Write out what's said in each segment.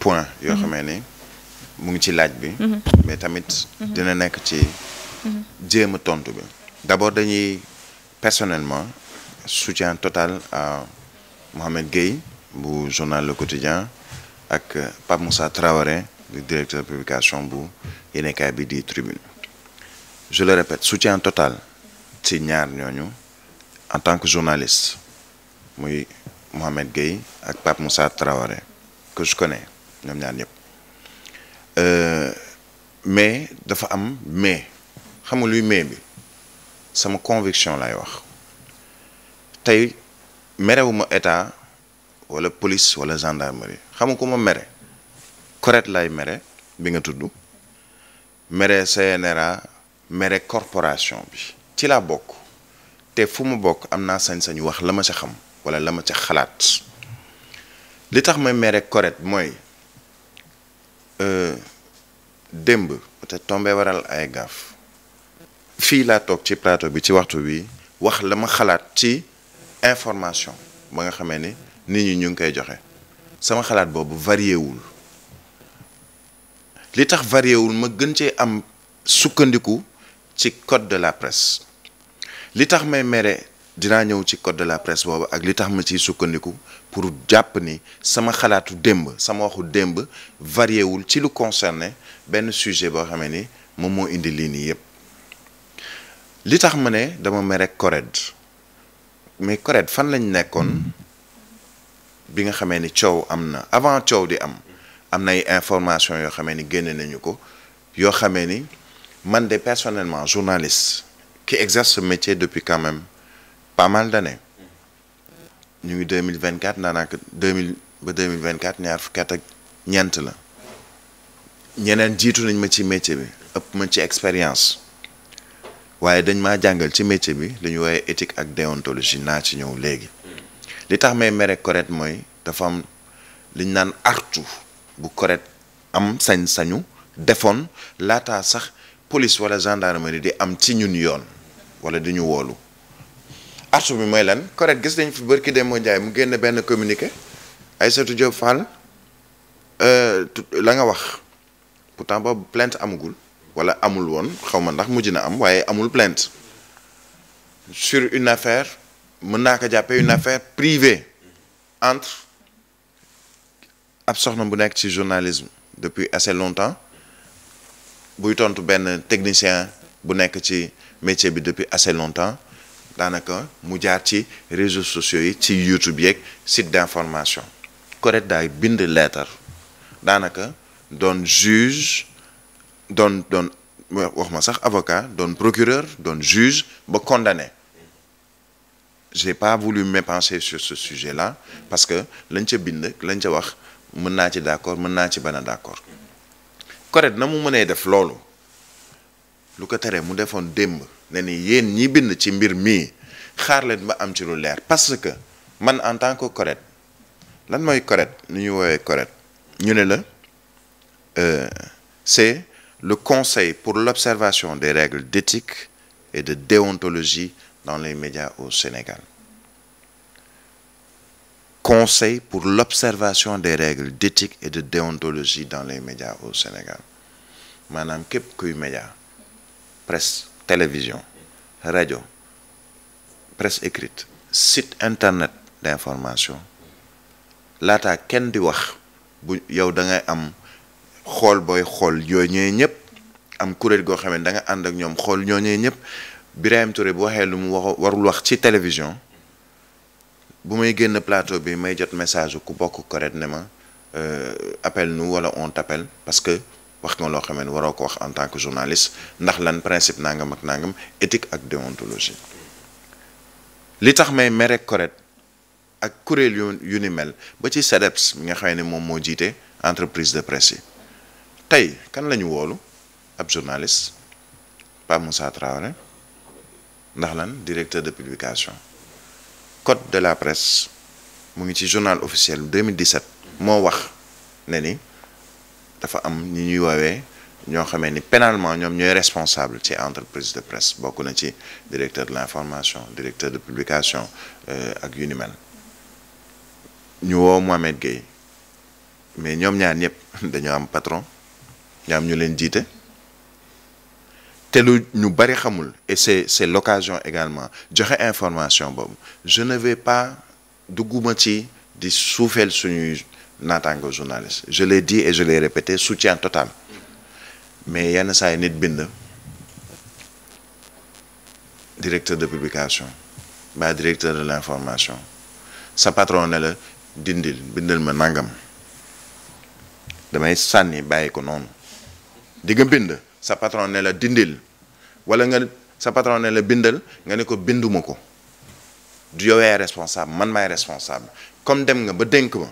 point mm-hmm. yoo xamee ni mu ngi ci laaj bi mm-hmm. mais tamit mm-hmm. dina nekk ci jéem a tontu bi d'abord dañuy personnellement soutien total à Mohamed Gueye bu journal Le Quotidien ak Pape Moussa Traoré du directeur de publication bu yéenekaay bi di Tribune je le répète soutien total ci ñaar ñooñu en tant que journaliste muy Mohamed Gueye ak Pape Moussa Traoré que je connais ñoom ñaar ñëpp euh, mais dafa am mais xam nga luy mais bi sama conviction lay wax tey merewuma état wala police wala gendarmerie xam ko ma mere correct lay mere bi nga tudd mere CNRA mere corporation bi ci laa bokk te fu ma bokk am naa sañ-sañu wax la ma ca xam wala la ma ca xalaat li tax may mere correct mooy Euh, démb te tombé waral ay gaaf fii laa toog ci plateau bi ci waxtu bi wax la ma xalaat ci information ba nga xamee ni nit ñi ñu ngi koy joxe sama xalaat boobu varié li tax varié ma gën cee am sukkandiku ci code de la presse li tax may mere dinaa ñëw ci code de la presse boobu ak li tax ma ciy sukkandiku pour jàpp ni sama xalaatu démb sama waxu démb varié wul ci lu concerné benn sujet boo xamee ni moom moo indi lii nii yëpp li tax ma ne dama mere CORED mais CORED fan lañ nekkoon bi nga xamee ni coow am na avant coow di am am na ay information yoo xamee ni génne nañu ko yoo xamee ni man de personnellement journaliste qui exerce ce métier depuis quand même pas mal d'années ñu ngi deux mille vingt quatre naanaaka deux mille ba deux mille vingt quatre ñaar fukki at ak ñeent la ñeneen jiitu nañ ma ci métier bi ëpp ma ci expérience waaye dañ maa jàngal ci métier bi li ñu woowee éthique ak déontologie naa ci ñëw léegi li tax may mere correct mooy dafa am liñ naan artu bu correct am sañ-sañu defoon laata sax police wala gendarmerie di am ci ñun yoon wala di ñu woolu artu mi mooy lan correct gis nañ fi barki Demba Ndiaye mu génn benn communiqué Aïssatou Diop Fall euh, la nga wax pourtant boobu plainte amagul wala amul woon xaw ma ndax mujj na am waaye amul plaint sur une affaire mën naa ko jàppee une affaire privée entre ab soxna bu nekk ci journalisme depuis assez longtemps buy tontu benn technicien bu nekk ci métier bi depuis assez longtemps daanaka mu jaar ci réseaux sociaux yi ci YouTube yeeg site d'information CORED daay bind leetar daanaka doon juge doon doon wax ma sax avocat doon procureur doon juge ba condamné j'ai pas voulu m'épancher sur ce sujet là parce que lañ ca bind lañ ca wax mën naa ci d'accord mën naa ci bana a d'accord CORED na mu mënee def loolu lu ko teree mu defoon démb ne ni yéen ñi bind ci mbir mii xaar leen ba am ci lu leer parce que man en tant que CORED lan mooy CORED nu ñu woowee CORED ñu ne la euh, c'est le conseil pour l'observation des règles d'éthique et de déontologie dans les médias au Sénégal conseil pour l'observation des règles d'éthique et de déontologie dans les médias au Sénégal maanaam képp kuy média presse télévision rajo presse écrite site internet d'information laataa kenn di wax bu yow da ngay am xool booy xool yooyu ñooy ñëpp am kuréel goo xam ne da nga ànd ak ñoom xool ñooñee ñëpp Birahim Touré bu waxee lu mu wax warul wax ci télévision bu may génn plateau bi may jot message ku bokk correct ne ma euh, appelle nous wala on t'appelle parce wax nga loo xamee ne waroo ko wax en tant que journaliste ndax lan principe nangam ak nangam éthique ak déontologie li tax may mere correct ak kuréel yu yu ni mel ba ci SEDEPS mi nga xawee ne moom moo jiite entreprise de presse yi tey kan la ñu woolu ab journaliste Pape Moussa Traoré ndax lan directeur de publication code de la presse mu ngi ci journal officiel 2017 moo wax ne ni. dafa am ñi ñuy woowee ñoo xamee ni pénalement ñoom ñooy responsable ci entreprise de presse bokku na ci directeur de l'information directeur de publication euh, ak yu ni ñu woo Mohamed Gueye mais ñoom ñaar ñëpp dañoo am patron ñoo am ñu leen jiite te lu ñu bari xamul et c'est c'est l'occasion également joxe information boobu je vais pas dugguma ci di suufeel suñuy naataango journaliste je l'ai dit et je l'ai répété soutien total mais yenn saay nit bind directeur de publication ba directeur de l'information sa patron ne la dindil bindal ma nangam damay sànni bàyyi ko noonu di nga bind sa patron ne la dindil wala nga sa patron ne la bindal nga ne ko binduma ko du yowee responsable man maay responsable comme dem nga ba dénk ma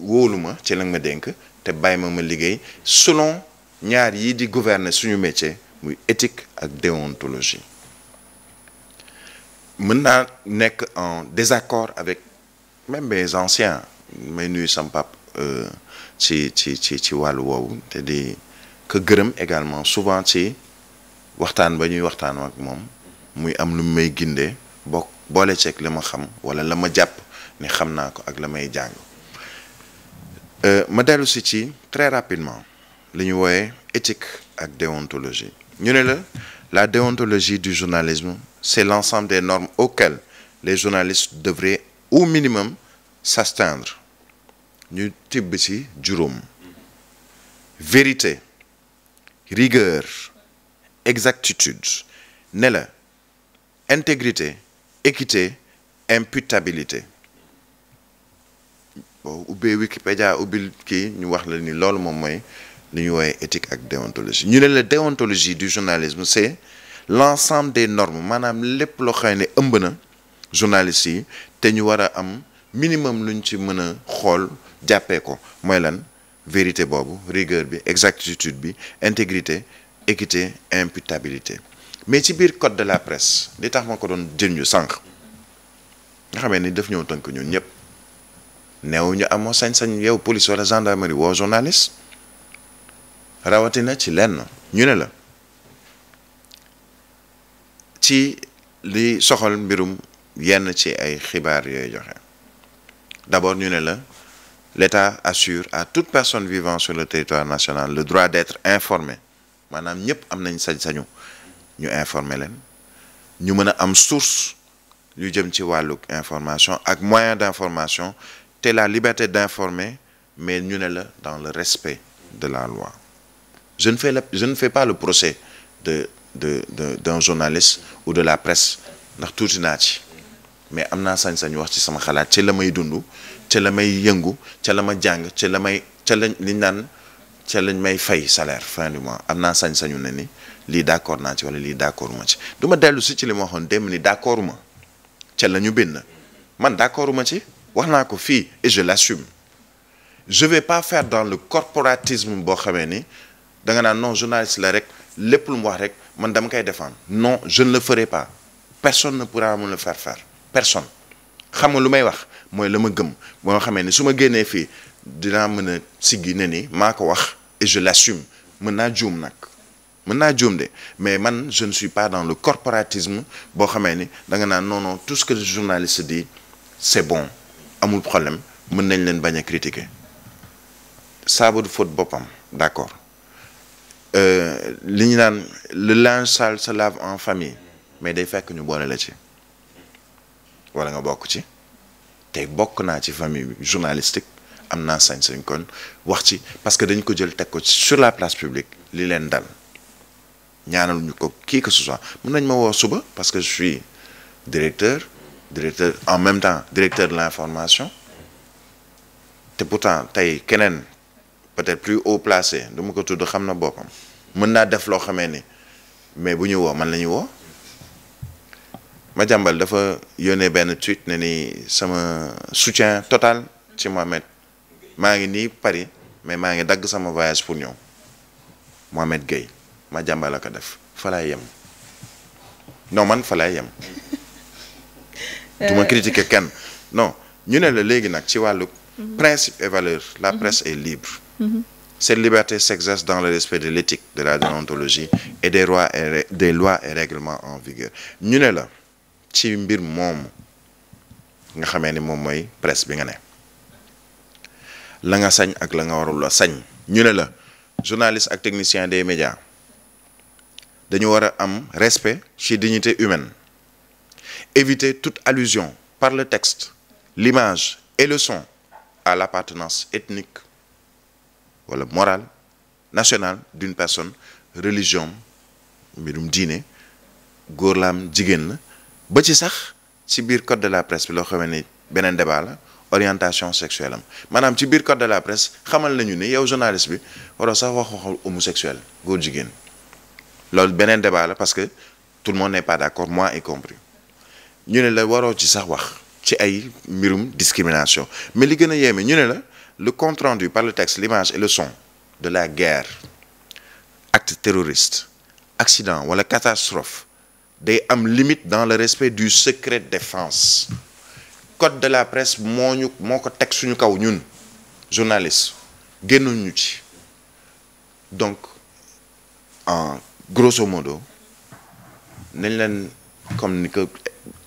wóolu ci lañ ma dénk te bàyyi ma ma liggéey selon ñaar yi di gouverner suñu métier muy éthique ak déontologie mën naa nekk en désaccord avec même les anciens may nuyu sampap pap euh, ci ci ci ci wàllu woowu te di ko gërëm également souvent ci waxtaan ba ñuy waxtaan ak moom muy am lu mu may gindee bokk boole ceeg la ma xam wala la ma jàpp ni xam naa ko ak la may jàng Euh, ma dellu ci très rapidement li ñu wooyee éthique ak déontologie ñu ne la la déontologie du journalisme c'est l'ensemble des normes auxquelles les journalistes devraient au minimum s'astreindre ñu tibb ci juróom vérité rigueur exactitude ne la intégrité équité imputabilité boo ubbee Wikipédia ubbil kii ñu wax la ni loolu moom mooy li ñu woowee éthique ak déontologie ñu ne la déontologie du journalisme c'est l'ensemble des norme maanaam lépp loo xam ne ëmb na journalistes yi te ñu war a am minimum luñ ci mën a xool jàppee ko mooy lan vérité boobu rigueur bi exactitude bi intégrité équité imputabilité mais ci biir code de la presse li tax ma ko doon jën ñu sànq nga xamee ni daf ñëw tënk ñun ñëpp neew ñu amoon sañ-sañ yow police wala gendarmerie woo journaliste rawatina ci lenn ñu ne la ci li soxal mbirum yenn ci ay xibaar yooyu joxe d'abord ñu ne la l'État assure à toute personne vivant sur le territoire national le droit d'être informé maanaam ñëpp am nañ sañ-sañu ñu informer leen ñu mën a am source yu jëm ci wàlluk information ak moyen d'information te la liberté d'informer, mais ñu ne la dans le respect de la loi. jeune ne la, jeune ne fais le procès d'un de, de, de, journaliste ou de la presse. mais am naa sañ-sañ wax ci sama xalaat ci la may dund ci la may yëngu ci la ma jàng ci la may ca lañ liñ naan ca lañ may fay salaire fin am naa sañ-sañu ne ni lii d'accord naa ci wala lii d'accord ma ci du ma dellu si ci li ma waxoon démb ni d'accord ma ca la ñu bind man d'accord ma ci wax naa ko fii et je l'assume je vais pas faire dans le corporatisme boo xamee ni da nga naan non journaliste rek lépp lu mu wax rek man dama koy défendre non je le ferai pas personne ne pourra me le faire xam nga lu may wax mooy la ma gëm moo xamee ni su ma génnee fii dinaa mën a siggi ni maa ko wax et mën naa juum nag mën naa juum mais man je ne suis le corporatisme boo xamee ni da nga naan non non tout ce que le journaliste c'est bon amul problème mën nañ leen bañ a critiquer saabu du fóot boppam d'accord euh, li ñu naan le linge sale se lave en famille mais day fekk ñu boole la ci wala nga bokk ci tey bokk naa ci famille journalistique am naa sañ-sañ kon wax ci parce que dañ ko jël teg ko sur la place publique li leen dal ñaanal ñu ko kii que ce mën nañ ma woo suba parce que je suis directeur directeur en même temps directeur de l'information te pourtant tey keneen peut-être plus haut placé du ma ko tudd xam na boppam mën naa def loo xamee ni mais bu ñu woo man la ñu woo ma jàmbal dafa yónnee benn tweet ne ni sama soutien total ci Mohamed maa ngi nii Paris mais maa ngi dagg sama voyage pour ñëw Mohamed Gueye ma jàmbal la ko def fa yem non man fa yem du ma euh. critiquer kenn non ñu ne la mm-hmm. léegi nag ci wàllu mm-hmm. principe et valeur la mm-hmm. presse est libre cette liberté s'exerce dans le respect de l'éthique de la déontologie et des lois et des en vigueur ñu ne la ci mbir moom nga xamee ni moom mooy presse bi nga ne la nga sañ ak la nga warul sañ ñu ne la journaliste ak technicien des médias dañu war a am respect ci dignité humaine éviter toute allusion par le texte, l'image et le son à partenance ethnique wala morale nationale d'une personne religion mbirum diine góor laam jigéen la ba ci sax ci biir code de la presse bi loo xamee ni beneen débat la orientation sexuelle am maanaam ci biir code de la presse xamal nañu ni yow journaliste bi wala sax wax waxul homosexuel góor jigéen loolu beneen débat la parce que tout le monde n'est pas d'accord moi y ñu ne la waroo ci sax wax ci ay mbirum discrimination mais li gën a yéeme ñu ne la le compte rendu par le texte l'image et le son de la guerre acte accident wala catastrophe day am limite dans le respect du secret défense code de la presse moo ko teg suñu kaw ñun journaliste génnuñu ci donc en grosso leen comme ni ko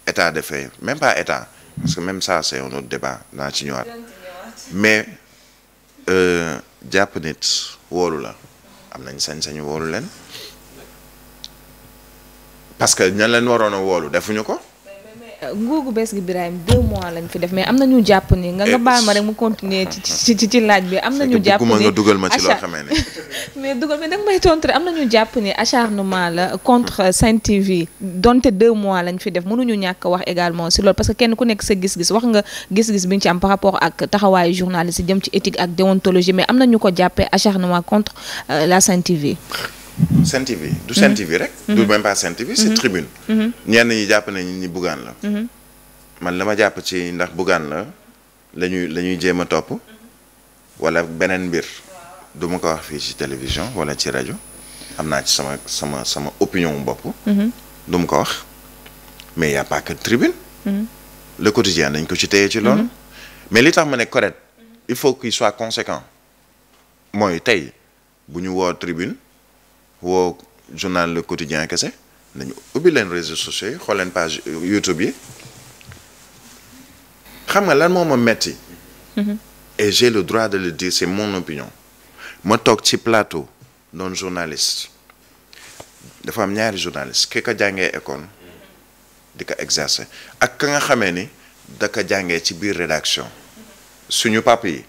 état de fait même pas état parce que même ça c'est un autre débat naa ci waat mais euh, jàpp nit woolu la am nañ sañ-sañu wóolu leen parce que ña leen waroon a wóolu defuñu ko nguur gu bees gi Birahim deux mois lañ fi def mais am na ñu jàpp ni nga nga baal ma rek mu continuer ci ci laaj bi. am na ñu jàpp ni dugal ma ci mais dugal mais danga may tontu rek am na ñu jàpp ni acharnement la contre Sen TV donte deux mois lañ fi def mënuñu ñàkk wax également si loolu parce que kenn ku nekk sa gis-gis wax nga gis-gis bi ñu ci am par rapport ak taxawaayu journaliste jëm ci éthique ak déontologie mais am na ñu ko jàppee acharnement contre euh, la Sen TV. Sen TV du Sen TV rek. Mhm. du même pas Sen TV c'est mhm. tribune. Mhm. ñenn ñi jàpp nañu ni Bougane la. man la ma jàpp ci ndax Bougane la la ñuy la ñuy a topp wala beneen mbir du ma ko wax fii ci télévision walla ci rajo am naa ci sama sama sama opinion bopp. du ma ko wax mais y a pas que tribune. le quotidien dañ ko ci téye ci loolu. mais li tax ma ne correct il faut qu'il soit conséquent mooy tey bu ñu woo tribune. woo journal le quotidien kese nañu ubbi leen réseaux sociaux yi xool leen page YouTube yi xam nga lan moo ma metti mhm. et j'ai le droit de le dire c'est mon opinion ma toog ci plateau doon journaliste dafa am ñaari journaliste ki ko jàngee école di ko exercer ak ka nga xamee ni da ko jàngee ci biir rédaction suñu papa yi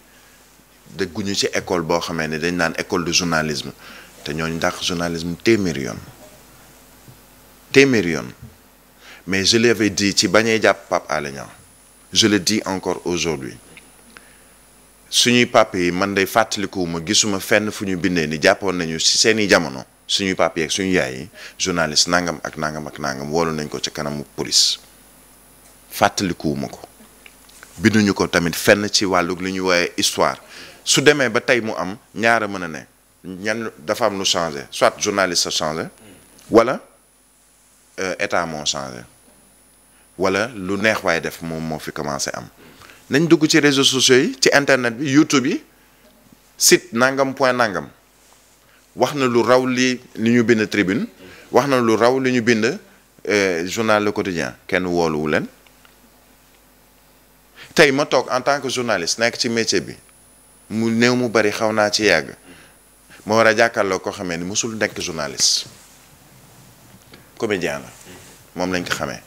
dëgguñu ci école boo xamee ni dañ naan école de journalisme te ñooñu dàq journalisme téeméeri yoon téeméeri yoon mais je l'avais dit ci bañee jàpp Pape Alé Niang je le dis encore aujourd'hui suñuy pape yi man day fàttalikuwuma gisuma fenn fu ñu bindee ni jàppoon nañu ci seeni jamono suñuy pape yi ak suñu yaay yi journaliste nangam ak nangam ak nangam woolu nañ ko ci kanamu police fàttalikuwuma ko binduñu ko tamit fenn ci wàllu li ñu woowee histoire su demee ba tey mu am ñaara mën a ne ñan dafa am lu changé soit journaliste a changé wala euh, état moo changé wala lu neex waaye def moom moo fi commencé am nañ dugg ci réseau sociaux yi ci internet bi YouTube yi sit nangam point nangam wax na lu raw li li ñu bind tribune wax na lu raw li ñu bind euh, journal Le Quotidien kenn wooluwu leen tey ma toog en tant que journaliste nekk ci métier bi mu néew mu bari xaw naa ci yàgg ma war a jàkkaarloo koo xamee ni mosul nekk journaliste comédien la moom lañ ko xamee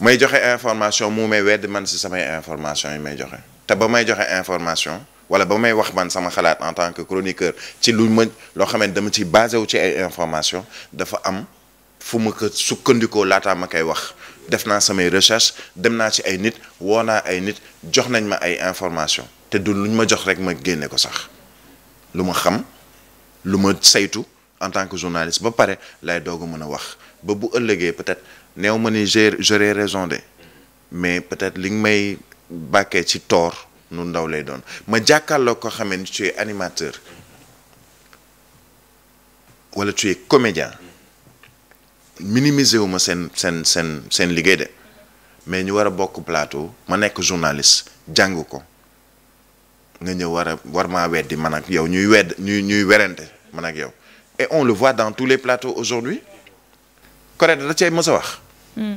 may joxe information mu may wedd man si samay information yi may joxe te ba may joxe information wala ba may wax man sama xalaat en tant que chroniqueur ci lu ma loo xamee dama ci basé wu ci ay information dafa am fu ma ko sukkandikoo laataa ma koy wax def naa samay recherche dem naa ci ay nit woo naa ay nit jox nañ ma ay information te du luñ ma jox rek ma génne ko sax lu ma xam lu ma saytu en tant que journaliste ba pare lay doog a mën a wax ba bu ëllëgee peut-être néew ma ni j'ai j'aurais raison de mais peut-être li nga may bàkkee ci tort nu ndaw lay doon ma jàkkaarloo ko xamee ni tu animateur wala tu es comédien minimiser wu ma seen seen seen seen liggéey de mais ñu war a bokk plateau ma nekk journaliste jàng ko nga ñëw war a war maa weddi man ak yow ñuy wedd ñuy ñuy werante man ak yow et on le voit dans tous les plateaux aujourd'hui Corée da cay mës a wax. Hmm.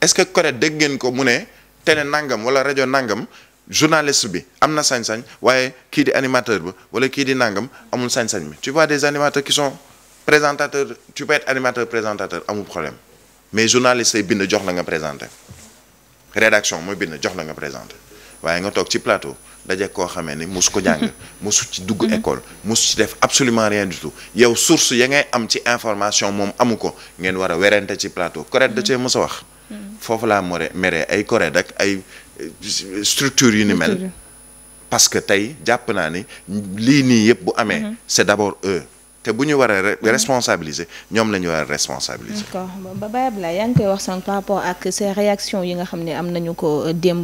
est-ce que Corée dégg ngeen ko mu ne télé nangam wala rajo nangam journaliste bi am na sañ-sañ waaye kii di animateur ba wala kii di nangam amul sañ-sañ bi tu vois des animateurs qui sont présentateurs tu peux être animateur présentateur amul problème mais journaliste yi bind jox la nga présenté rédaction mooy bind jox la nga présenté. waaye nga toog ci plateau daje koo xamee ni mosu ko jàng mosu ci dugg mhm. école mosu ci def absolument rien du tout yow source ya ngay am ci information moom amu ko ngeen war a werante ci plateau correct da mhm. cee mos a wax mhm. foofu laa more meree ay correct ak ay euh, structure yu ni mel parce que tey jàpp naa ni lii nii yëpp bu amee c'est d'abord eux te bu ñu war a responsabiliser ñoom lañu ñu war responsabiliser d'accord ba Baye Abdoulaye yaa ngi koy wax sànq par ak ces réactions